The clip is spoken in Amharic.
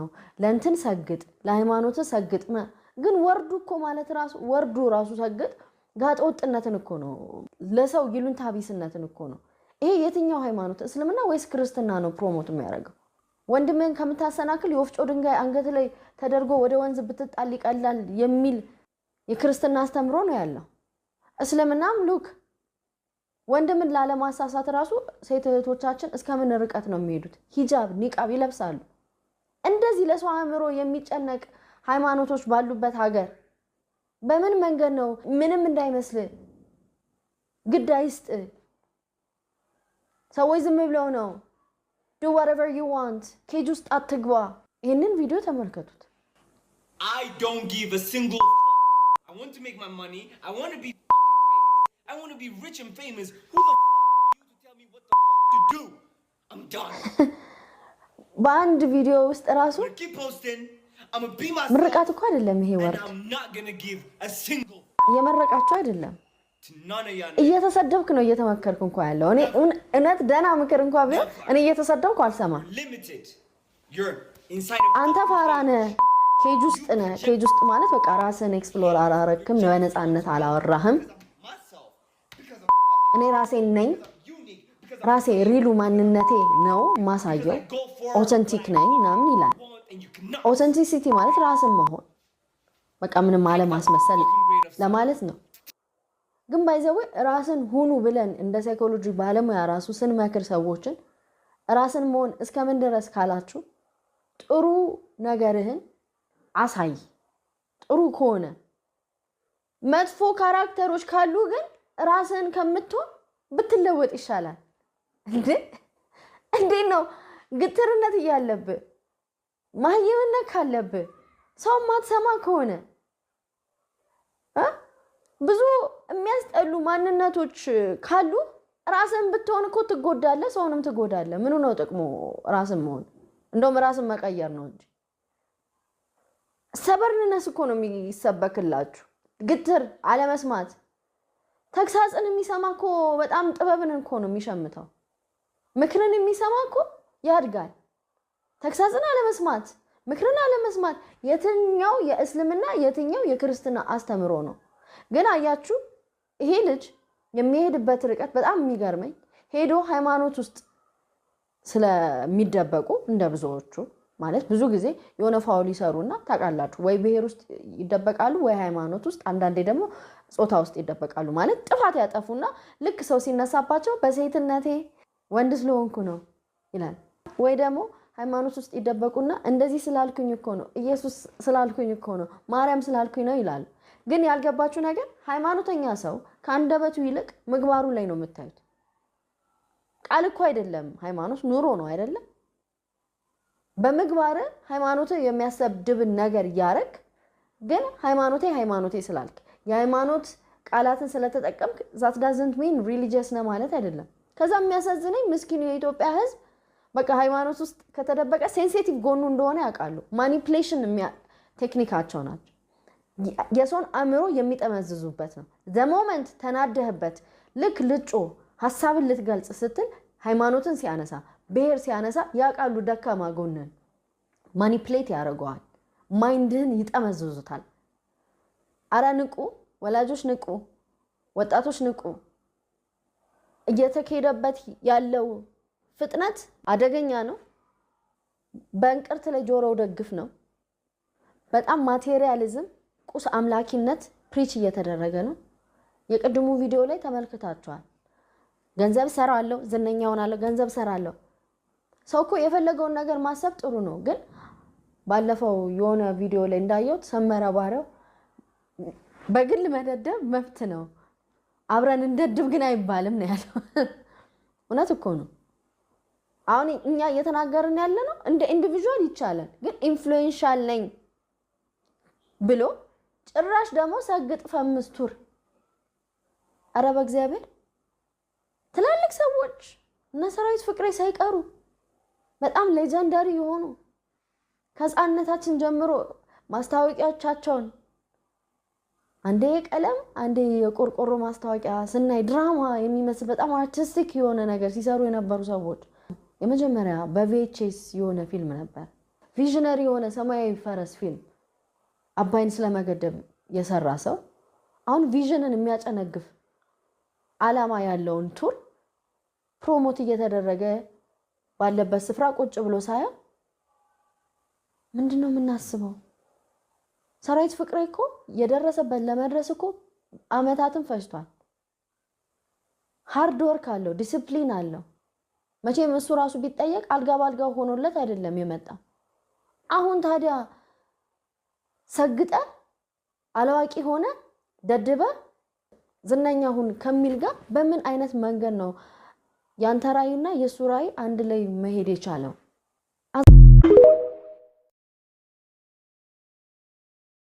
ነው። ለእንትን ሰግጥ፣ ለሃይማኖት ሰግጥ። ግን ወርዱ እኮ ማለት ራሱ ወርዱ ራሱ ሰግጥ ጋጠ ወጥነትን እኮ ነው። ለሰው ይሉኝታ ቢስነትን እኮ ነው። ይሄ የትኛው ሃይማኖት እስልምና ወይስ ክርስትና ነው ፕሮሞት የሚያደርገው? ወንድምህን ከምታሰናክል የወፍጮ ድንጋይ አንገት ላይ ተደርጎ ወደ ወንዝ ብትጣል ይቀላል የሚል የክርስትና አስተምሮ ነው ያለው። እስልምናም ሉክ ወንድምን ላለማሳሳት ራሱ ሴት እህቶቻችን እስከምን ርቀት ነው የሚሄዱት? ሂጃብ ኒቃብ ይለብሳሉ። እንደዚህ ለሰው አእምሮ የሚጨነቅ ሃይማኖቶች ባሉበት ሀገር በምን መንገድ ነው? ምንም እንዳይመስል ግድ አይስጥ። ሰዎች ዝም ብለው ነው ዱ ዋትኤቨር ዩ ዋንት ኬጅ ውስጥ አትግባ። ይህንን ቪዲዮ ተመልከቱት። አይ ዶንት ጊቭ አ ሲንግል አይ ዋንት ቱ ሜክ ማይ ማኒ አይ ዋንት ቱ ቢ አይ ዋንት ቱ ቢ ሪች ኤንድ ፌመስ በአንድ ቪዲዮ ውስጥ ራሱ ምርቃት እኮ አይደለም ይሄ ወርድ እየመረቃችሁ አይደለም እየተሰደብክ ነው እየተመከርክ እንኳ ያለው እኔ እውነት ደህና ምክር እንኳ ቢሆን እኔ እየተሰደብኩ አልሰማ አንተ ፋራ ኬጅ ውስጥ ነ ኬጅ ውስጥ ማለት በቃ ራስን ኤክስፕሎር አላረክም በነፃነት አላወራህም እኔ ራሴን ነኝ ራሴ ሪሉ ማንነቴ ነው ማሳየው፣ ኦተንቲክ ነኝ ምናምን ይላል። ኦተንቲሲቲ ማለት ራስን መሆን በቃ ምንም አለማስመሰል ለማለት ነው። ግን ባይዘወ ራስን ሁኑ ብለን እንደ ሳይኮሎጂ ባለሙያ ራሱ ስንመክር ሰዎችን ራስን መሆን እስከምን ድረስ ካላችሁ ጥሩ ነገርህን አሳይ። ጥሩ ከሆነ መጥፎ ካራክተሮች ካሉ ግን ራስህን ከምትሆን ብትለወጥ ይሻላል። እንዴ እንዴት ነው ግትርነት እያለብ ማህየምነት ካለብ ሰው ማትሰማ ከሆነ ብዙ የሚያስጠሉ ማንነቶች ካሉ ራስን ብትሆን እኮ ትጎዳለህ፣ ሰውንም ትጎዳለ ምኑ ነው ጥቅሙ ራስን መሆን? እንደውም ራስን መቀየር ነው እንጂ ሰበርንነስ እኮ ነው የሚሰበክላችሁ። ግትር አለመስማት ተግሳጽን የሚሰማ እኮ በጣም ጥበብን እኮ ነው የሚሸምተው። ምክርን የሚሰማ እኮ ያድጋል። ተግሳጽን አለመስማት፣ ምክርን አለመስማት የትኛው የእስልምና የትኛው የክርስትና አስተምሮ ነው? ግን አያችሁ ይሄ ልጅ የሚሄድበት ርቀት በጣም የሚገርመኝ ሄዶ ሃይማኖት ውስጥ ስለሚደበቁ እንደ ብዙዎቹ ማለት ብዙ ጊዜ የሆነ ፋውል ይሰሩና ታውቃላችሁ፣ ወይ ብሔር ውስጥ ይደበቃሉ፣ ወይ ሃይማኖት ውስጥ፣ አንዳንዴ ደግሞ ጾታ ውስጥ ይደበቃሉ። ማለት ጥፋት ያጠፉና ልክ ሰው ሲነሳባቸው በሴትነቴ ወንድ ስለሆንኩ ነው ይላል። ወይ ደግሞ ሃይማኖት ውስጥ ይደበቁና እንደዚህ ስላልኩኝ እኮ ነው፣ ኢየሱስ ስላልኩኝ እኮ ነው፣ ማርያም ስላልኩኝ ነው ይላሉ። ግን ያልገባችሁ ነገር ሃይማኖተኛ ሰው ከአንደበቱ ይልቅ ምግባሩ ላይ ነው የምታዩት። ቃል እኮ አይደለም ሃይማኖት ኑሮ ነው አይደለም። በምግባር ሃይማኖት የሚያሰድብን ነገር እያረግ ግን ሃይማኖቴ ሃይማኖቴ ስላልክ የሃይማኖት ቃላትን ስለተጠቀምክ ዛት ዳዝንት ሚን ሪሊጂየስ ነህ ማለት አይደለም። ከዛ የሚያሳዝነኝ ምስኪኑ የኢትዮጵያ ህዝብ በቃ ሃይማኖት ውስጥ ከተደበቀ ሴንሴቲቭ ጎኑ እንደሆነ ያውቃሉ። ማኒፕሌሽን ቴክኒካቸው ናቸው። የሰውን አእምሮ የሚጠመዝዙበት ነው። ዘሞመንት ተናደህበት ልክ ልጮ ሀሳብን ልትገልጽ ስትል ሃይማኖትን ሲያነሳ ብሔር ሲያነሳ ያውቃሉ ደካማ ጎንን ማኒፕሌት ያደርገዋል። ማይንድህን ይጠመዝዙታል። አረ ንቁ! ወላጆች ንቁ! ወጣቶች ንቁ! እየተካሄደበት ያለው ፍጥነት አደገኛ ነው። በእንቅርት ላይ ጆሮው ደግፍ ነው። በጣም ማቴሪያሊዝም፣ ቁስ አምላኪነት ፕሪች እየተደረገ ነው። የቅድሙ ቪዲዮ ላይ ተመልክታችኋል። ገንዘብ ሰራለሁ፣ ዝነኛ ሆናለሁ፣ ገንዘብ ሰራለሁ። ሰው እኮ የፈለገውን ነገር ማሰብ ጥሩ ነው። ግን ባለፈው የሆነ ቪዲዮ ላይ እንዳየሁት ሰመረ ባሪያው በግል መደደብ መብት ነው አብረን እንደድብ ግን አይባልም ነው ያለው። እውነት እኮ ነው። አሁን እኛ እየተናገርን ያለ ነው እንደ ኢንዲቪዥዋል ይቻላል፣ ግን ኢንፍሉዌንሻል ነኝ ብሎ ጭራሽ ደግሞ ሰግጥ ፈምስቱር ኧረ በእግዚአብሔር ትላልቅ ሰዎች እነ ሰራዊት ፍቅሬ ሳይቀሩ በጣም ሌጀንደሪ የሆኑ ከህፃንነታችን ጀምሮ ማስታወቂያዎቻቸውን አንዴ የቀለም አንዴ የቆርቆሮ ማስታወቂያ ስናይ ድራማ የሚመስል በጣም አርቲስቲክ የሆነ ነገር ሲሰሩ የነበሩ ሰዎች። የመጀመሪያ በቪኤችኤስ የሆነ ፊልም ነበር፣ ቪዥነሪ የሆነ ሰማያዊ ፈረስ ፊልም አባይን ስለመገደብ የሰራ ሰው አሁን ቪዥንን የሚያጨነግፍ ዓላማ ያለውን ቱር ፕሮሞት እየተደረገ ባለበት ስፍራ ቁጭ ብሎ ሳያ ምንድን ነው የምናስበው? ሰራዊት ፍቅሬ እኮ የደረሰበት ለመድረስ እኮ አመታትን ፈጅቷል። ሃርድ ወርክ አለው፣ ዲስፕሊን አለው። መቼም እሱ ራሱ ቢጠየቅ አልጋ ባልጋ ሆኖለት አይደለም የመጣ። አሁን ታዲያ ሰግጠ አላዋቂ ሆነ ደድበ ዝነኛ ሁን ከሚል ጋር በምን አይነት መንገድ ነው ያንተ ራዕይና የእሱ ራዕይ አንድ ላይ መሄድ የቻለው?